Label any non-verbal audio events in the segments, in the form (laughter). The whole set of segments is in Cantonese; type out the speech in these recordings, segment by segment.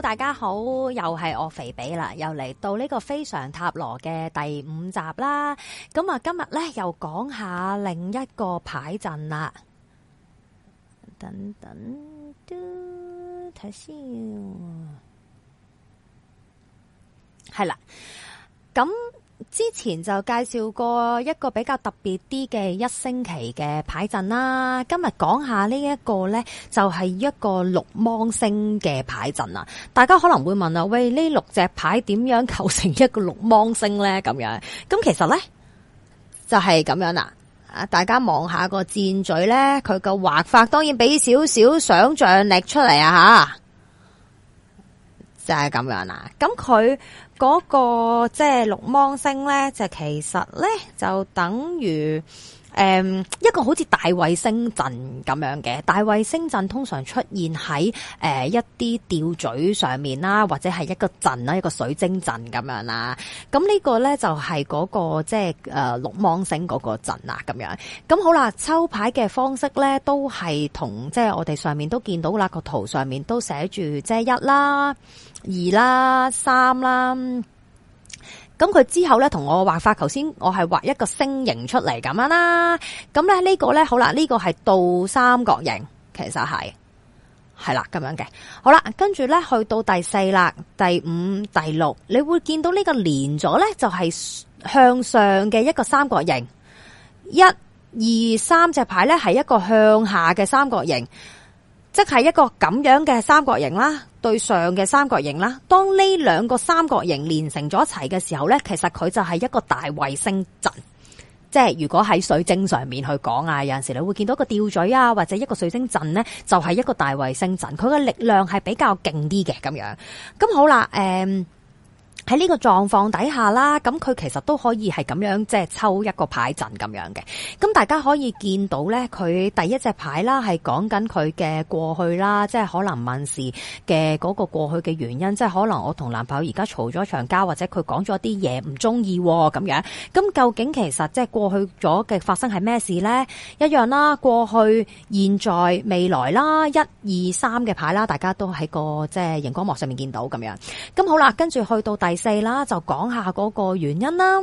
大家好，又係我肥比啦，又嚟到呢個菲常塔羅嘅第五集啦。咁啊，今日咧又講下另一個牌陣啦。等等，嘟，睇先。係啦，咁。之前就介紹過一個比較特別啲嘅一星期嘅牌陣啦，今日講下呢一個呢，就係一個六芒星嘅牌陣啊！大家可能會問啊，喂，呢六隻牌點樣構成一個六芒星呢？」咁樣，咁其實呢，就係咁樣啦，啊，大家望下個箭嘴呢，佢個畫法當然俾少少想象力出嚟啊，吓就係咁樣啦，咁佢。嗰、那個即係六芒星咧，就其實咧就等於誒、嗯、一個好似大衛星陣咁樣嘅大衛星陣，通常出現喺誒、呃、一啲吊嘴上面啦，或者係一個陣啦，一個水晶陣咁樣啦。咁呢、就是那個咧就係嗰個即係誒六芒星嗰個陣啦，咁樣。咁好啦，抽牌嘅方式咧都係同即係我哋上面都見到啦，個圖上面都寫住即一啦。二啦，三啦，咁佢之後咧同我畫法，頭先我係畫一個星形出嚟咁樣啦，咁咧呢個咧好啦，呢個係倒三角形，其實係係啦咁樣嘅，好啦，跟住咧去到第四啦、第五、第六，你會見到呢個連咗咧，就係向上嘅一個三角形，一二三隻牌咧係一個向下嘅三角形，即係一個咁樣嘅三角形啦。對上嘅三角形啦，當呢兩個三角形連成咗一齊嘅時候呢，其實佢就係一個大衛星陣，即係如果喺水晶上面去講啊，有陣時你會見到一個吊墜啊，或者一個水晶陣呢，就係一個大衛星陣，佢嘅力量係比較勁啲嘅咁樣。咁好啦，誒、嗯。喺呢個狀況底下啦，咁佢其實都可以係咁樣，即係抽一個牌陣咁樣嘅。咁大家可以見到咧，佢第一隻牌啦，係講緊佢嘅過去啦，即係可能問事嘅嗰個過去嘅原因，即係可能我同男朋友而家嘈咗場交，或者佢講咗啲嘢唔中意咁樣。咁究竟其實即係過去咗嘅發生係咩事咧？一樣啦，過去、現在、未來啦，一二三嘅牌啦，大家都喺個即係熒光幕上面見到咁樣。咁好啦，跟住去到第四啦，就講下嗰個原因啦，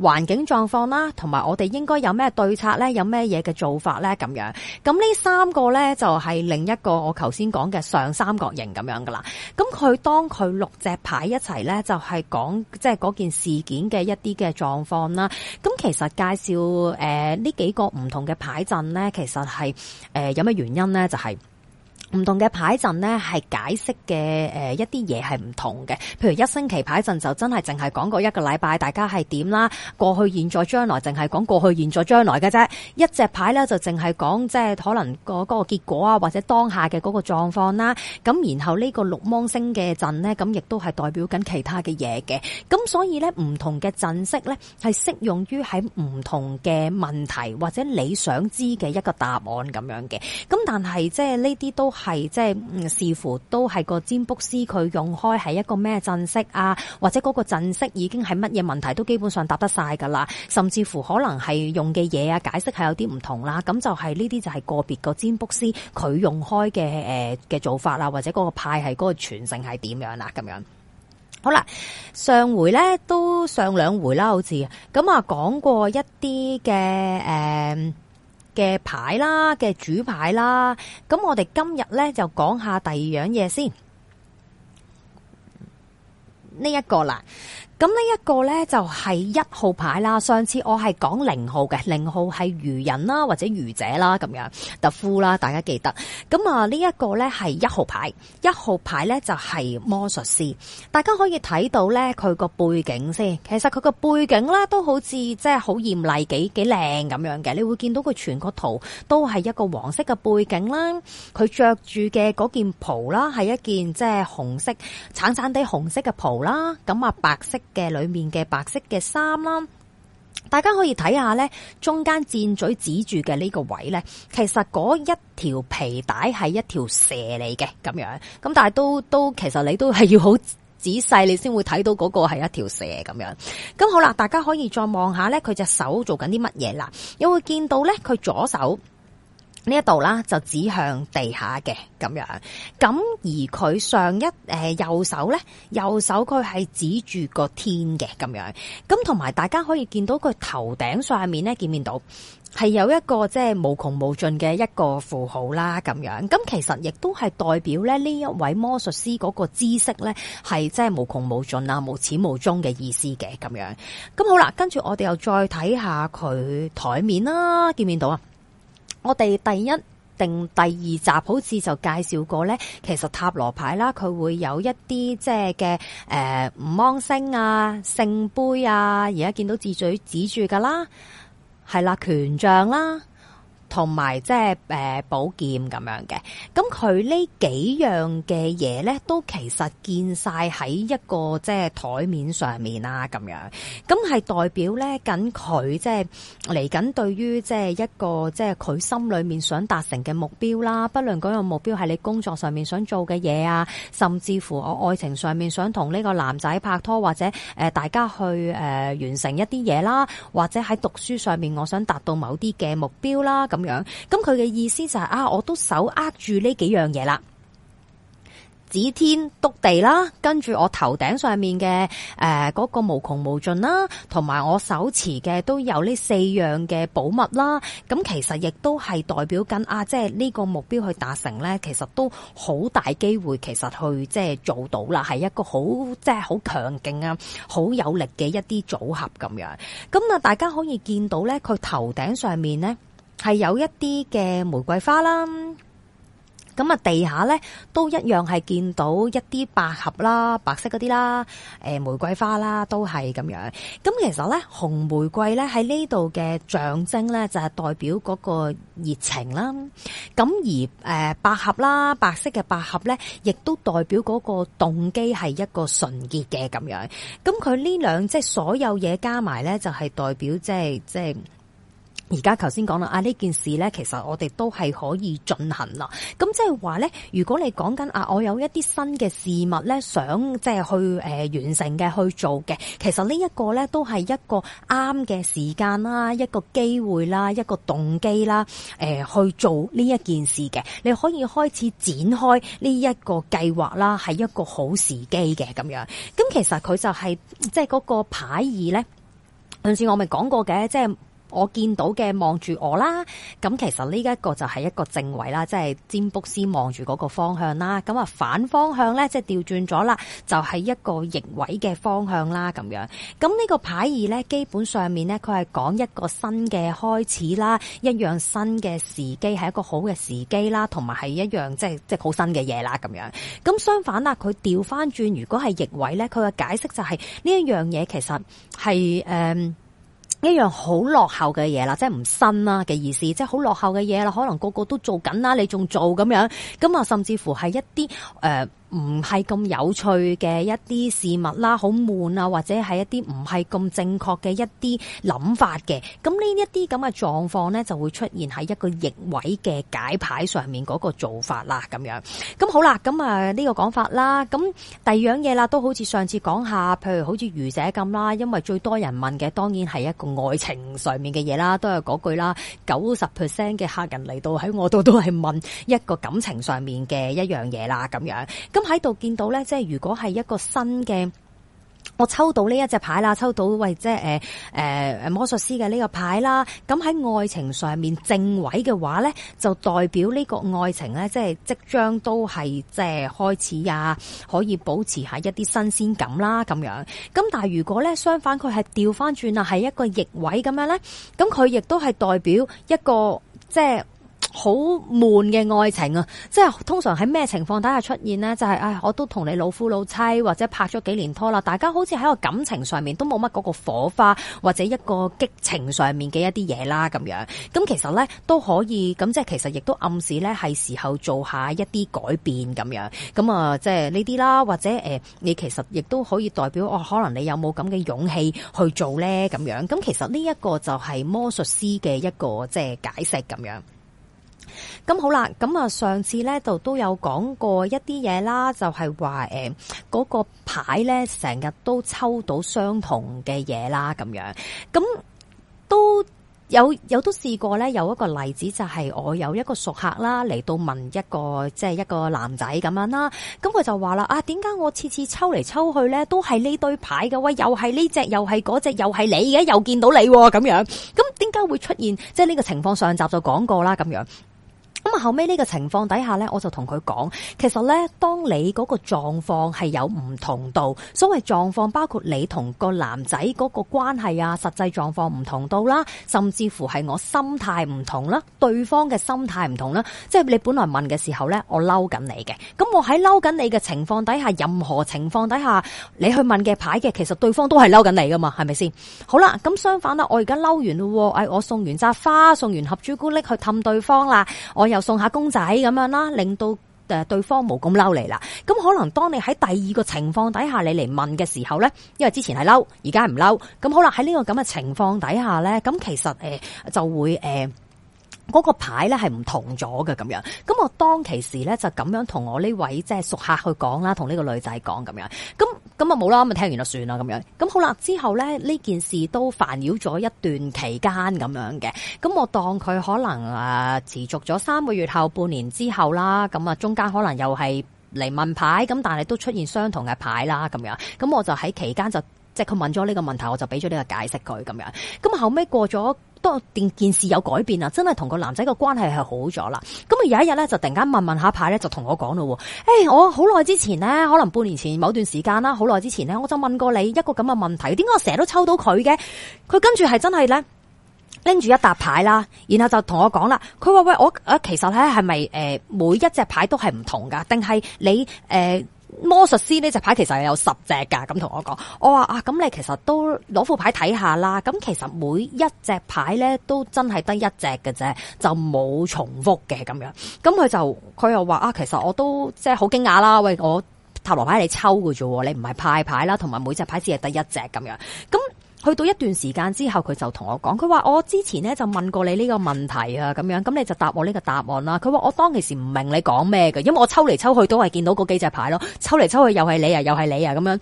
環境狀況啦，同埋我哋應該有咩對策咧，有咩嘢嘅做法咧，咁樣。咁呢三個咧就係另一個我頭先講嘅上三角形咁樣噶啦。咁佢當佢六隻牌一齊咧，就係講即係嗰件事件嘅一啲嘅狀況啦。咁其實介紹誒呢幾個唔同嘅牌陣咧，其實係誒、呃、有咩原因咧就係、是。唔同嘅牌陣咧，係解釋嘅誒一啲嘢係唔同嘅。譬如一星期牌陣就真係淨係講過一個禮拜，大家係點啦？過去、現在、將來，淨係講過去、現在、將來嘅啫。一隻牌咧就淨係講即係可能個個結果啊，或者當下嘅嗰個狀況啦。咁然後呢個六芒星嘅陣咧，咁亦都係代表緊其他嘅嘢嘅。咁所以咧，唔同嘅陣式咧，係適用於喺唔同嘅問題或者你想知嘅一個答案咁樣嘅。咁但係即係呢啲都。係即係、嗯、視乎都係個占卜師佢用開係一個咩陣式啊，或者嗰個陣式已經係乜嘢問題都基本上答得晒噶啦，甚至乎可能係用嘅嘢啊解釋係有啲唔同啦，咁就係呢啲就係個別個占卜師佢用開嘅誒嘅做法啦，或者嗰個派系嗰個傳承係點樣啦、啊、咁樣。好啦，上回咧都上兩回啦，好似咁啊，講過一啲嘅誒。呃嘅牌啦，嘅主牌啦，咁我哋今日咧就講下第二樣嘢，先，呢一個啦。咁呢一個呢，就係一號牌啦。上次我係講零號嘅，零號係愚人啦，或者愚者啦咁樣特呼啦，大家記得。咁啊呢一個呢係一號牌，一號牌呢就係魔術師。大家可以睇到呢，佢個背景先，其實佢個背景啦，都好似即係好豔麗幾幾靚咁樣嘅。你會見到佢全個圖都係一個黃色嘅背景啦。佢着住嘅嗰件袍啦係一件即係紅色、橙橙地紅色嘅袍啦。咁啊白色嘅裏面嘅白色嘅衫啦，大家可以睇下呢，中間箭嘴指住嘅呢個位呢，其實嗰一條皮帶係一條蛇嚟嘅咁樣。咁但係都都其實你都係要好仔細，你先會睇到嗰個係一條蛇咁樣。咁好啦，大家可以再望下呢，佢隻手做緊啲乜嘢啦？你會見到呢？佢左手，呢一度啦，就指向地下嘅咁樣。咁而佢上一誒右手咧，右手佢係指住個天嘅咁樣。咁同埋大家可以見到佢頭頂上面咧，見面到係有一個即係無窮無盡嘅一個符號啦，咁樣。咁其實亦都係代表咧，呢一位魔術師嗰個知識咧，係即係無窮無盡啊，無始無終嘅意思嘅咁樣。咁好啦，跟住我哋又再睇下佢台面啦，見面到啊！我哋第一定第二集好似就介紹過咧，其實塔羅牌啦，佢會有一啲即係嘅誒五芒星啊、聖杯啊，而家見到字嘴指住㗎啦，係啦，權杖啦。同埋即係誒寶劍咁樣嘅，咁佢呢幾樣嘅嘢咧，都其實見晒喺一個即係台面上面啦，咁樣咁係代表咧，緊佢即係嚟緊對於即係一個即係佢心裏面想達成嘅目標啦，不論嗰個目標係你工作上面想做嘅嘢啊，甚至乎我愛情上面想同呢個男仔拍拖，或者誒大家去誒、呃、完成一啲嘢啦，或者喺讀書上面我想達到某啲嘅目標啦，咁。咁樣，咁佢嘅意思就係、是、啊，我都手握住呢幾樣嘢啦，指天篤地啦，跟住我頭頂上面嘅誒嗰個無窮無盡啦，同埋我手持嘅都有呢四樣嘅寶物啦。咁、啊、其實亦都係代表緊啊，即係呢個目標去達成咧，其實都好大機會，其實去即係做到啦，係一個好即係好強勁啊，好有力嘅一啲組合咁樣。咁啊，大家可以見到咧，佢頭頂上面咧。係有一啲嘅玫瑰花啦，咁啊地下，咧都一樣係見到一啲百合啦、白色嗰啲啦、誒玫瑰花啦，都係咁樣。咁其實咧紅玫瑰咧喺呢度嘅象徵咧就係代表嗰個熱情啦。咁而誒百合啦，白色嘅百合咧，亦都代表嗰個動機係一個純潔嘅咁樣。咁佢呢兩即係所有嘢加埋咧，就係代表即係即係。而家頭先講啦，啊呢件事咧，其實我哋都係可以進行啦。咁、嗯、即係話咧，如果你講緊啊，我有一啲新嘅事物咧，想即係去誒、呃、完成嘅去做嘅，其實呢一個咧都係一個啱嘅時間啦，一個機會啦，一個動機啦，誒、呃、去做呢一件事嘅，你可以開始展開呢一個計劃啦，係一個好時機嘅咁樣。咁、嗯、其實佢就係、是、即係嗰個牌意咧，上次我咪講過嘅，即係。我見到嘅望住我啦，咁其實呢一個就係一個正位啦，即係占卜師望住嗰個方向啦。咁啊反方向咧，即係調轉咗啦，就係一個逆位嘅方向啦，咁樣。咁呢個牌意咧，基本上面咧，佢係講一個新嘅開始啦，一樣新嘅時機，係一個好嘅時機啦，同埋係一樣即係即係好新嘅嘢啦，咁樣。咁相反啦，佢調翻轉，如果係逆位咧，佢嘅解釋就係呢一樣嘢其實係誒。嗯一樣好落後嘅嘢啦，即係唔新啦嘅意思，即係好落後嘅嘢啦，可能個個都做緊啦，你仲做咁樣，咁啊，甚至乎係一啲誒。呃唔係咁有趣嘅一啲事物啦，好悶啊，或者係一啲唔係咁正確嘅一啲諗法嘅，咁呢一啲咁嘅狀況咧，就會出現喺一個逆位嘅解牌上面嗰個做法啦，咁樣，咁、嗯、好啦，咁啊呢個講法啦，咁、嗯、第二樣嘢啦，都好似上次講下，譬如好似愚者咁啦，因為最多人問嘅，當然係一個愛情上面嘅嘢啦，都係嗰句啦，九十 percent 嘅客人嚟到喺我度都係問一個感情上面嘅一樣嘢啦，咁樣，咁。喺度見到咧，即係如果係一個新嘅，我抽到呢一隻牌啦，抽到喂，即係誒誒誒魔術師嘅呢個牌啦。咁喺愛情上面正位嘅話咧，就代表呢個愛情咧，即係即將都係即係開始啊，可以保持下一啲新鮮感啦，咁樣。咁但係如果咧，相反佢係調翻轉啊，係一個逆位咁樣咧，咁佢亦都係代表一個即係。好悶嘅愛情啊，即係通常喺咩情況底下出現呢？就係、是、唉，我都同你老夫老妻或者拍咗幾年拖啦，大家好似喺個感情上面都冇乜嗰個火花或者一個激情上面嘅一啲嘢啦，咁樣咁其實呢都可以咁即係其實亦都暗示呢係時候做下一啲改變咁樣咁啊，即係呢啲啦，或者誒、呃，你其實亦都可以代表我可能你有冇咁嘅勇氣去做呢？咁樣，咁其實呢一個就係魔術師嘅一個即係解釋咁樣。咁好啦，咁啊上次咧就都有講過一啲嘢啦，就係話誒嗰個牌咧成日都抽到相同嘅嘢啦，咁樣咁都有有都試過咧，有一個例子就係我有一個熟客啦嚟到問一個即係一個男仔咁樣啦，咁佢就話啦啊，點解我次次抽嚟抽去咧都係呢堆牌嘅喂，又係呢隻又係嗰隻又係你嘅，又見到你咁、啊、樣，咁點解會出現即係呢個情況？上集就講過啦，咁樣。後尾呢個情況底下呢，我就同佢講，其實呢，當你嗰個狀況係有唔同度，所謂狀況包括你同個男仔嗰個關係啊，實際狀況唔同度啦，甚至乎係我心態唔同啦，對方嘅心態唔同啦，即係你本來問嘅時候呢，我嬲緊你嘅，咁我喺嬲緊你嘅情況底下，任何情況底下，你去問嘅牌嘅，其實對方都係嬲緊你㗎嘛，係咪先？好啦，咁相反啦，我而家嬲完咯，哎，我送完紮花，送完盒朱古力去氹對方啦，我又送下公仔咁樣啦，令到誒對方冇咁嬲嚟啦。咁可能當你喺第二個情況底下你嚟問嘅時候咧，因為之前係嬲，而家係唔嬲。咁好啦，喺呢個咁嘅情況底下咧，咁其實誒、呃、就會誒嗰、呃嗰個牌咧係唔同咗嘅咁樣。咁我當其時咧就咁樣同我呢位即係、就是、熟客去講啦，同呢個女仔講咁樣。咁咁啊冇啦，咁啊，聽完就算啦咁樣。咁好啦，之後咧呢件事都煩擾咗一段期間咁樣嘅。咁我當佢可能誒、啊、持續咗三個月後半年之後啦，咁啊中間可能又係嚟問牌，咁但係都出現相同嘅牌啦咁樣。咁我就喺期間就即係佢問咗呢個問題，我就俾咗呢個解釋佢咁樣。咁後尾過咗。當件事有改變啊，真係同個男仔個關係係好咗啦。咁啊有一日咧，就突然間問問下牌咧，就同我講咯。誒、欸，我好耐之前咧，可能半年前某段時間啦，好耐之前咧，我就問過你一個咁嘅問題，點解我成日都抽到佢嘅？佢跟住係真係咧拎住一沓牌啦，然後就同我講啦。佢話喂，我誒，其實咧係咪誒，每一隻牌都係唔同㗎，定係你誒？呃魔術師呢隻牌其實係有十隻噶，咁同我講，我話啊，咁你其實都攞副牌睇下啦，咁其實每一隻牌咧都真係得一隻嘅啫，就冇重複嘅咁樣，咁佢就佢又話啊，其實我都即係好驚訝啦，喂，我塔羅牌你抽嘅啫，你唔係派牌啦，同埋每隻牌只係得一隻咁樣，咁。去到一段時間之後，佢就同我講：佢話我之前咧就問過你呢個問題啊，咁樣咁你就答我呢個答案啦。佢話我當其時唔明你講咩㗎，因為我抽嚟抽去都係見到嗰幾隻牌咯，抽嚟抽去又係你啊，又係你啊咁樣。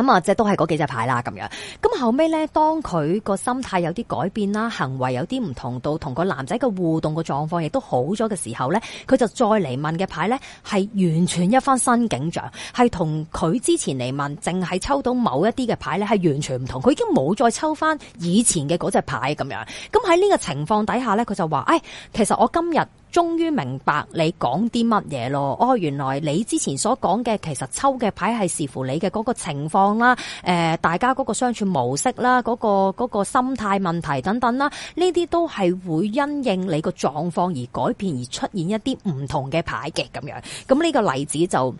咁啊，嗯，即都係嗰幾隻牌啦，咁樣。咁後尾咧，當佢個心態有啲改變啦，行為有啲唔同度，同個男仔嘅互動個狀況亦都好咗嘅時候咧，佢就再嚟問嘅牌咧，係完全一番新景象，係同佢之前嚟問，淨係抽到某一啲嘅牌咧，係完全唔同。佢已經冇再抽翻以前嘅嗰隻牌咁樣。咁喺呢個情況底下咧，佢就話：誒、哎，其實我今日，終於明白你講啲乜嘢咯。哦，原來你之前所講嘅，其實抽嘅牌係視乎你嘅嗰個情況啦，誒、呃，大家嗰個相處模式啦，嗰、嗰個、嗰個心態問題等等啦，呢啲都係會因應你個狀況而改變，而出現一啲唔同嘅牌嘅咁樣。咁、呢、呢個例子就。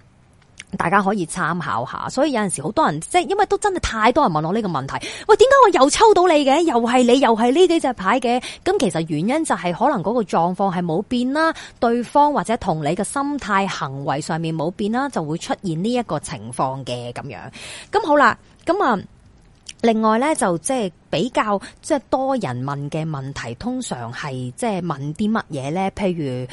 大家可以參考下，所以有陣時好多人即係，因為都真係太多人問我呢個問題。喂，點解我又抽到你嘅？又係你，又係呢幾隻牌嘅？咁其實原因就係可能嗰個狀況係冇變啦，對方或者同你嘅心態行為上面冇變啦，就會出現呢一個情況嘅咁樣。咁好啦，咁啊，另外呢，就即係比較即係多人問嘅問題，通常係即係問啲乜嘢呢？譬如。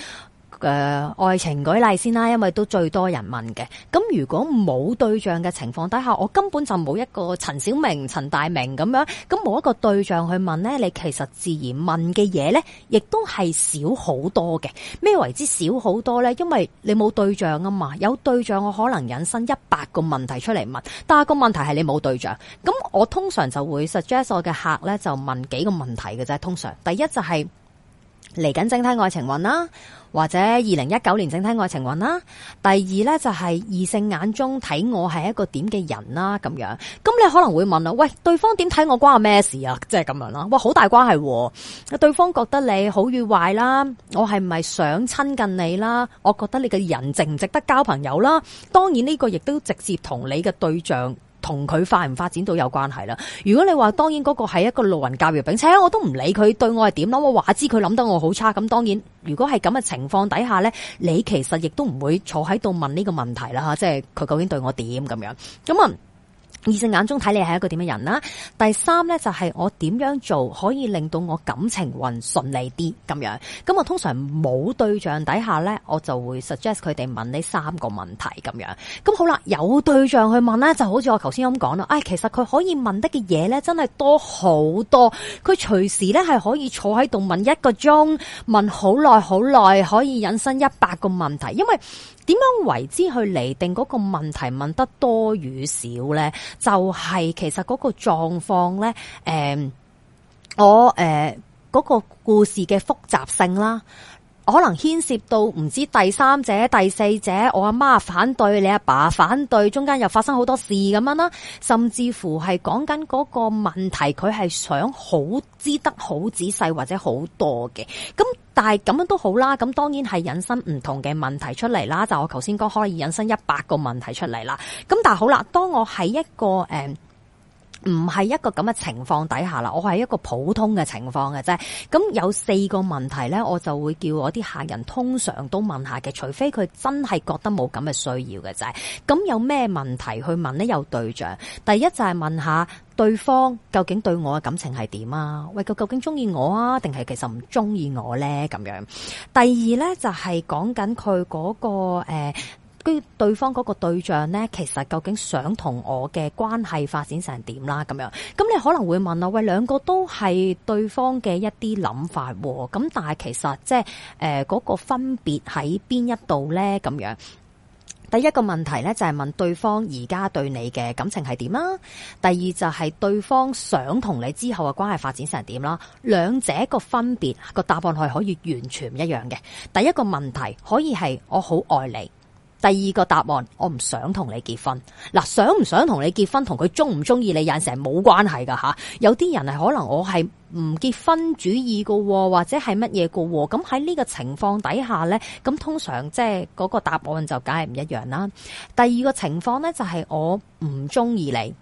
嘅、呃、愛情舉例先啦，因為都最多人問嘅。咁如果冇對象嘅情況底下，我根本就冇一個陳小明、陳大明咁樣，咁冇一個對象去問呢，你其實自然問嘅嘢呢，亦都係少好多嘅。咩為之少好多呢？因為你冇對象啊嘛。有對象，我可能引申一百個問題出嚟問。但係個問題係你冇對象，咁我通常就會 suggest 我嘅客呢，就問幾個問題嘅啫。通常第一就係、是。嚟緊整體愛情運啦，或者二零一九年整體愛情運啦。第二呢，就係異性眼中睇我係一個點嘅人啦，咁樣。咁你可能會問啦，喂，對方點睇我關我咩事啊？即係咁樣啦，哇，好大關係啊。對方覺得你好與壞啦，我係咪想親近你啦？我覺得你嘅人值唔值得交朋友啦？當然呢個亦都直接同你嘅對象。同佢發唔發展到有關係啦。如果你話當然嗰個係一個路人甲乙丙，且我都唔理佢對我係點諗。我話知佢諗得我好差，咁當然如果係咁嘅情況底下咧，你其實亦都唔會坐喺度問呢個問題啦。嚇，即係佢究竟對我點咁樣？咁啊？異性眼中睇你係一個點嘅人啦。第三呢，就係我點樣做可以令到我感情運順利啲咁樣。咁我通常冇對象底下呢，我就會 suggest 佢哋問呢三個問題咁樣。咁好啦，有對象去問呢，就好似我頭先咁講啦。唉、哎，其實佢可以問得嘅嘢呢，真係多好多。佢隨時呢，係可以坐喺度問一個鐘，問好耐好耐，可以引申一百個問題，因為。點樣為之去厘定嗰個問題問得多與少咧？就係、是、其實嗰個狀況咧，誒、呃，我誒嗰、呃嗰個故事嘅複雜性啦。可能牽涉到唔知第三者、第四者，我阿媽反對，你阿爸反對，中間又發生好多事咁樣啦，甚至乎係講緊嗰個問題，佢係想好知得好仔細或者好多嘅。咁但係咁樣都好啦，咁當然係引申唔同嘅問題出嚟啦。就我頭先講，可以引申一百個問題出嚟啦。咁但係好啦，當我喺一個誒。呃唔係一個咁嘅情況底下啦，我係一個普通嘅情況嘅啫。咁有四個問題呢，我就會叫我啲客人通常都問下嘅，除非佢真係覺得冇咁嘅需要嘅就係。咁有咩問題去問呢？有對象，第一就係、是、問下對方究竟對我嘅感情係點啊？喂，佢究竟中意我啊，定係其實唔中意我呢？咁樣。第二呢，就係講緊佢嗰個誒。呃跟對方嗰個對象呢，其實究竟想同我嘅關係發展成點啦？咁樣，咁樣你可能會問我，喂，兩個都係對方嘅一啲諗法喎、哦，咁但係其實即係誒嗰個分別喺邊一度呢？咁樣第一個問題呢，就係、係、問對方而家對你嘅感情係點啦？第二就係對方想同你之後嘅關係發展成點啦？兩者個分別、個答案係可以完全唔一樣嘅。第一個問題可以係我好愛你。第二個答案，我唔想同你結婚。嗱，想唔想同你結婚，同佢中唔中意你，引成冇關係噶吓？有啲人係可能我係唔結婚主義噶，或者係乜嘢噶？咁喺呢個情況底下呢，咁通常即係嗰個答案就梗係唔一樣啦。第二個情況呢，就係我唔中意你。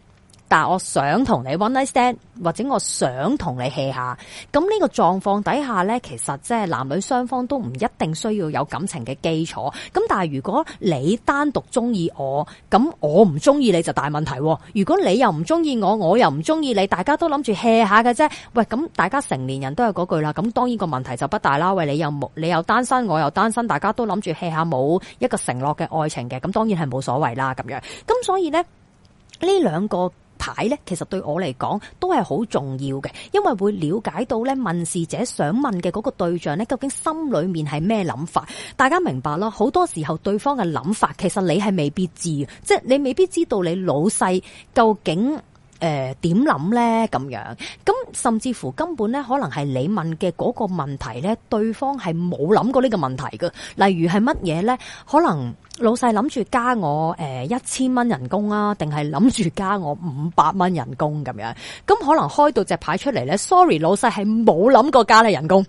但係我想同你 one night stand，或者我想同你 hea 下，咁呢個狀況底下咧，其實即係男女雙方都唔一定需要有感情嘅基礎。咁但係如果你單獨中意我，咁我唔中意你就大問題。如果你又唔中意我，我又唔中意你，大家都諗住 hea 下嘅啫。喂，咁大家成年人都係嗰句啦。咁當然個問題就不大啦。喂，你又冇你又單身，我又單身，大家都諗住 hea 下冇一個承諾嘅愛情嘅，咁當然係冇所謂啦。咁樣，咁所以咧呢兩個。睇咧，其實對我嚟講都係好重要嘅，因為會了解到咧問事者想問嘅嗰個對象呢，究竟心裏面係咩諗法？大家明白咯？好多時候對方嘅諗法，其實你係未必知，即係你未必知道你老細究竟。誒，點諗咧？咁樣，咁甚至乎根本咧，可能係你問嘅嗰個問題咧，對方係冇諗過呢個問題噶。例如係乜嘢咧？可能老細諗住加我誒一千蚊人工啊，定係諗住加我五百蚊人工咁樣。咁可能開到隻牌出嚟咧，sorry，老細係冇諗過加你人工。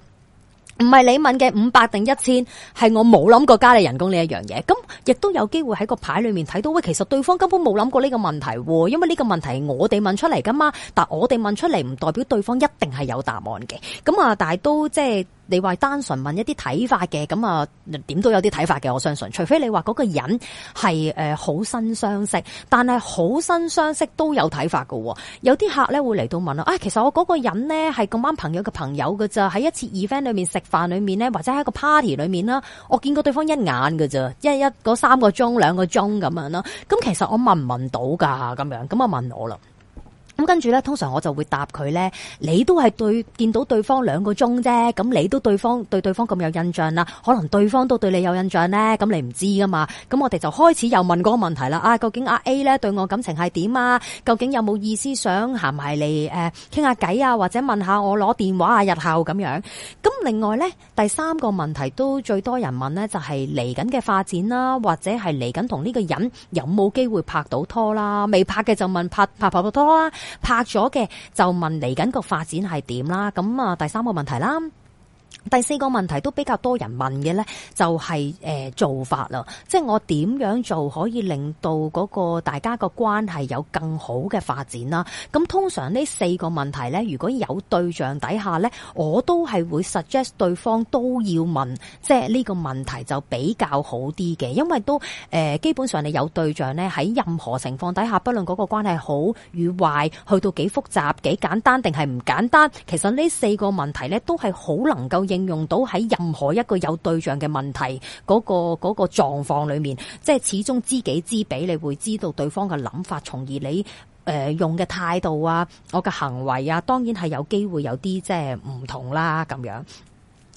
唔係你問嘅五百定一千，係我冇諗過加你人工呢一樣嘢，咁亦都有機會喺個牌裏面睇到。喂，其實對方根本冇諗過呢個問題，因為呢個問題我哋問出嚟噶嘛。但我哋問出嚟唔代表對方一定係有答案嘅。咁啊，但係都即係。你話單純問一啲睇法嘅，咁啊點都有啲睇法嘅，我相信。除非你話嗰個人係誒好新相識，但係好新相識都有睇法嘅、哦。有啲客咧會嚟到問啊、哎，其實我嗰個人咧係咁啱朋友嘅朋友㗎咋，喺一次 event 裏面食飯裏面咧，或者喺個 party 裏面啦，我見過對方一眼㗎咋，一一三個鐘兩個鐘咁樣啦。咁、嗯、其實我問唔問到㗎？咁樣咁啊問我啦。咁跟住咧，通常我就會答佢咧。你都係對見到對方兩個鐘啫，咁你都對方對對方咁有印象啦、啊，可能對方都對你有印象呢、啊。咁你唔知噶嘛？咁我哋就開始又問嗰個問題啦。啊，究竟阿 A 咧對我感情係點啊？究竟有冇意思想行埋嚟誒傾下偈啊？或者問下我攞電話啊？日後咁樣。咁另外咧，第三個問題都最多人問呢，就係嚟緊嘅發展啦，或者係嚟緊同呢個人有冇機會拍到拖啦？未拍嘅就問拍拍拍唔拍拖啦？拍咗嘅就問嚟緊個發展係點啦，咁啊第三個問題啦。第四個問題都比較多人問嘅咧，就係、是、誒、呃、做法啦，即係我點樣做可以令到個大家個關係有更好嘅發展啦？咁、啊、通常呢四個問題咧，如果有對象底下咧，我都係會 suggest 對方都要問，即係呢個問題就比較好啲嘅，因為都誒、呃、基本上你有對象咧，喺任何情況底下，不論個關係好與壞，去到幾複雜幾簡單定係唔簡單，其實呢四個問題咧都係好能夠應。應用到喺任何一個有對象嘅問題嗰個嗰個狀況裏面，即係始終知己知彼，你會知道對方嘅諗法，從而你誒用嘅態度啊，我嘅行為啊，當然係有機會有啲即係唔同啦，咁樣。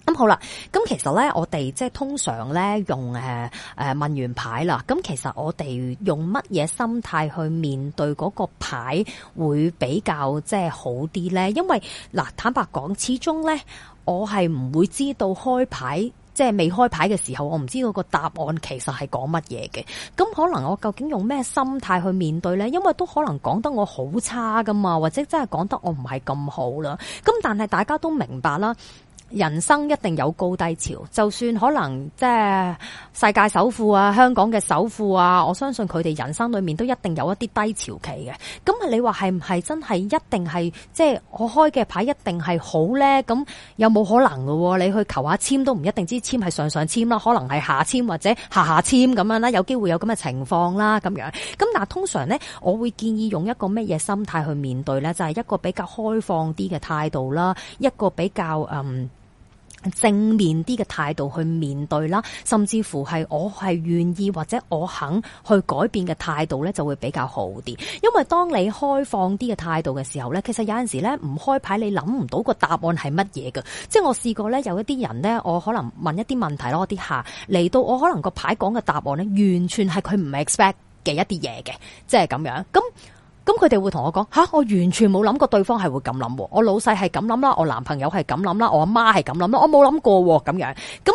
咁好啦，咁其實咧，我哋即係通常咧用誒誒問完牌啦。咁其實我哋用乜嘢心態去面對嗰個牌會比較即係好啲咧？因為嗱，坦白講，始終咧我係唔會知道開牌，即係未開牌嘅時候，我唔知道個答案其實係講乜嘢嘅。咁可能我究竟用咩心態去面對咧？因為都可能講得我好差噶嘛，或者真係講得我唔係咁好啦。咁但係大家都明白啦。人生一定有高低潮，就算可能即係世界首富啊、香港嘅首富啊，我相信佢哋人生裏面都一定有一啲低潮期嘅。咁啊，你話係唔係真係一定係即係我開嘅牌一定係好咧？咁有冇可能嘅，你去求下簽都唔一定知簽係上上簽啦，可能係下簽或者下下簽咁樣啦，有機會有咁嘅情況啦，咁樣。咁嗱，通常咧我會建議用一個乜嘢心態去面對咧，就係一個比較開放啲嘅態度啦，一個比較嗯。正面啲嘅態度去面對啦，甚至乎係我係願意或者我肯去改變嘅態度咧，就會比較好啲。因為當你開放啲嘅態度嘅時候咧，其實有陣時咧唔開牌，你諗唔到個答案係乜嘢㗎。即係我試過咧，有一啲人咧，我可能問一啲問題咯，啲客嚟到我可能個牌講嘅答案咧，完全係佢唔 expect 嘅一啲嘢嘅，即係咁樣咁。咁佢哋會同我講吓，我完全冇諗過對方係會咁諗，我老細係咁諗啦，我男朋友係咁諗啦，我阿媽係咁諗啦，我冇諗過咁樣，咁。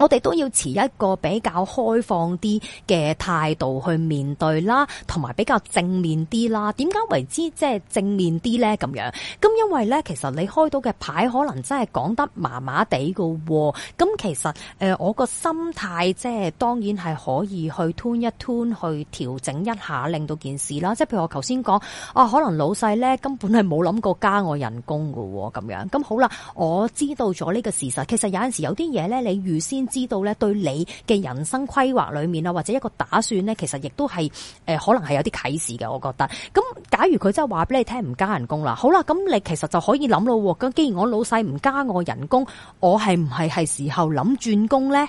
我哋都要持一個比較開放啲嘅態度去面對啦，同埋比較正面啲啦。點解為之即係正面啲呢？咁樣咁，因為呢，其實你開到嘅牌可能真係講得麻麻地噶喎。咁、嗯、其實誒、呃，我個心態即係當然係可以去 tune 一 tune，去調整一下，令到件事啦。即係譬如我頭先講啊，可能老細呢，根本係冇諗過加我人工噶喎咁樣。咁、嗯、好啦，我知道咗呢個事實。其實有陣時有啲嘢呢，你預先 (music) 知道咧，對你嘅人生規劃裏面啊，或者一個打算咧，其實亦都係誒，可能係有啲啟示嘅。我覺得，咁假如佢真係話俾你聽唔加人工啦，好啦，咁、嗯、你其實就可以諗咯。咁既然我老細唔加我人工，我係唔係係時候諗轉工咧？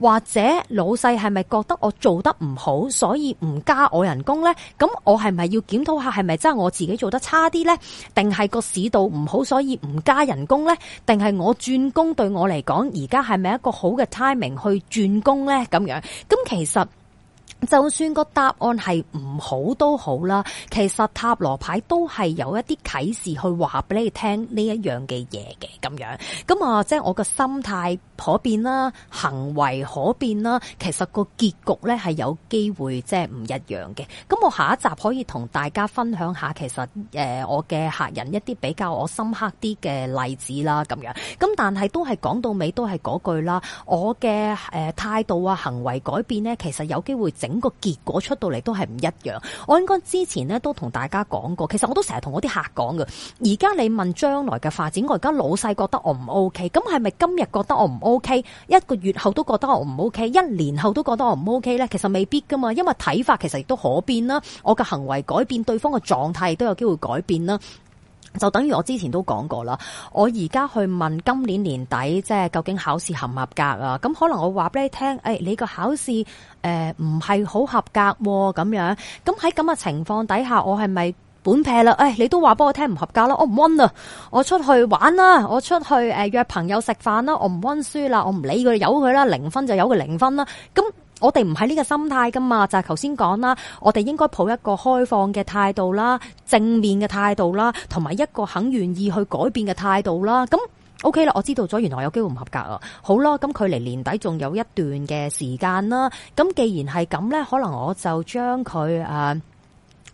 或者老細係咪覺得我做得唔好，所以唔加我人工咧？咁、嗯、我係咪要檢討下係咪真係我自己做得差啲咧？定係個市道唔好，所以唔加人工咧？定係我轉工對我嚟講而家係咪一個好嘅？開明去轉工咧，咁樣咁其實。就算個答案係唔好都好啦，其實塔羅牌都係有一啲啟示去話俾你聽呢一樣嘅嘢嘅咁樣。咁啊，即係我嘅心態可變啦，行為可變啦，其實個結局咧係有機會即係唔一樣嘅。咁我下一集可以同大家分享下，其實誒、呃、我嘅客人一啲比較我深刻啲嘅例子啦，咁樣。咁但係都係講到尾都係嗰句啦，我嘅誒態度啊，行為改變咧，其實有機會整。個結果出到嚟都係唔一樣，我應該之前咧都同大家講過，其實我都成日同我啲客講嘅。而家你問將來嘅發展，我而家老細覺得我唔 OK，咁係咪今日覺得我唔 OK，一個月後都覺得我唔 OK，一年後都覺得我唔 OK 呢？其實未必噶嘛，因為睇法其實亦都可變啦，我嘅行為改變對方嘅狀態都有機會改變啦。就等於我之前都講過啦，我而家去問今年年底即係究竟考試合唔合格啊？咁可能我話俾你聽，誒、哎，你個考試誒唔係好合格咁，哦，樣。咁喺咁嘅情況底下，我係咪本撇啦？誒、哎，你都話俾我聽唔合格啦，我唔溫啦，我出去玩啦，我出去誒約朋友食飯啦，我唔溫書啦，我唔理佢，由佢啦，零分就由佢零分啦。咁我哋唔喺呢個心態噶嘛，就係頭先講啦。我哋應該抱一個開放嘅態度啦，正面嘅態度啦，同埋一個肯願意去改變嘅態度啦。咁 OK 啦，我知道咗，原來有機會唔合格啊。好啦，咁距離年底仲有一段嘅時間啦。咁既然係咁呢，可能我就將佢誒。呃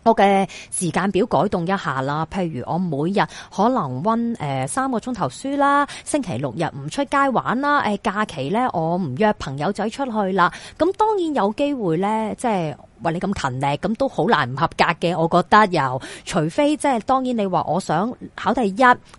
我嘅時間表改動一下啦，譬如我每日可能溫誒、呃、三個鐘頭書啦，星期六日唔出街玩啦，誒、呃、假期咧我唔約朋友仔出去啦，咁當然有機會咧，即係。話你咁勤力咁都好難唔合格嘅，我覺得又除非即係，當然你話我想考第一，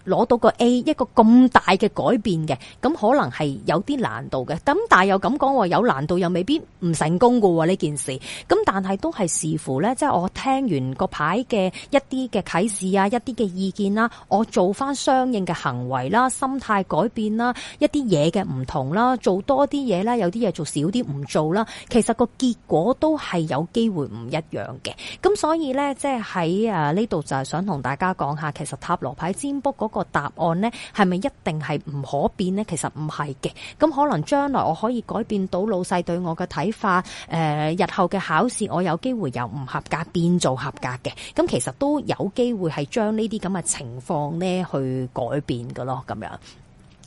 攞到個 A，一個咁大嘅改變嘅，咁可能係有啲難度嘅。咁但係又咁講，話有難度，又未必唔成功噶喎呢件事。咁但係都係視乎呢。即係我聽完個牌嘅一啲嘅啟示啊，一啲嘅意見啦，我做翻相應嘅行為啦，心態改變啦，一啲嘢嘅唔同啦，做多啲嘢啦，有啲嘢做少啲唔做啦，其實個結果都係有機會唔一樣嘅，咁所以呢，即係喺啊呢度就係想同大家講下，其實塔羅牌占卜嗰個答案呢，係咪一定係唔可變呢？其實唔係嘅，咁可能將來我可以改變到老細對我嘅睇法，誒、呃，日後嘅考試我有機會由唔合格變做合格嘅，咁其實都有機會係將呢啲咁嘅情況呢去改變㗎咯，咁樣。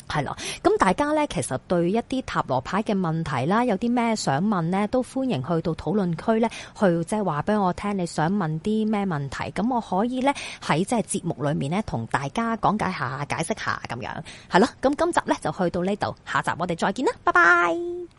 係咯，咁大家呢，其實對一啲塔羅牌嘅問題啦，有啲咩想問呢？都歡迎去到討論區呢，去即係話俾我聽，你想問啲咩問題，咁我可以呢，喺即係節目裏面呢，同大家講解下、解釋下咁樣，係咯，咁今集呢，就去到呢度，下集我哋再見啦，拜拜。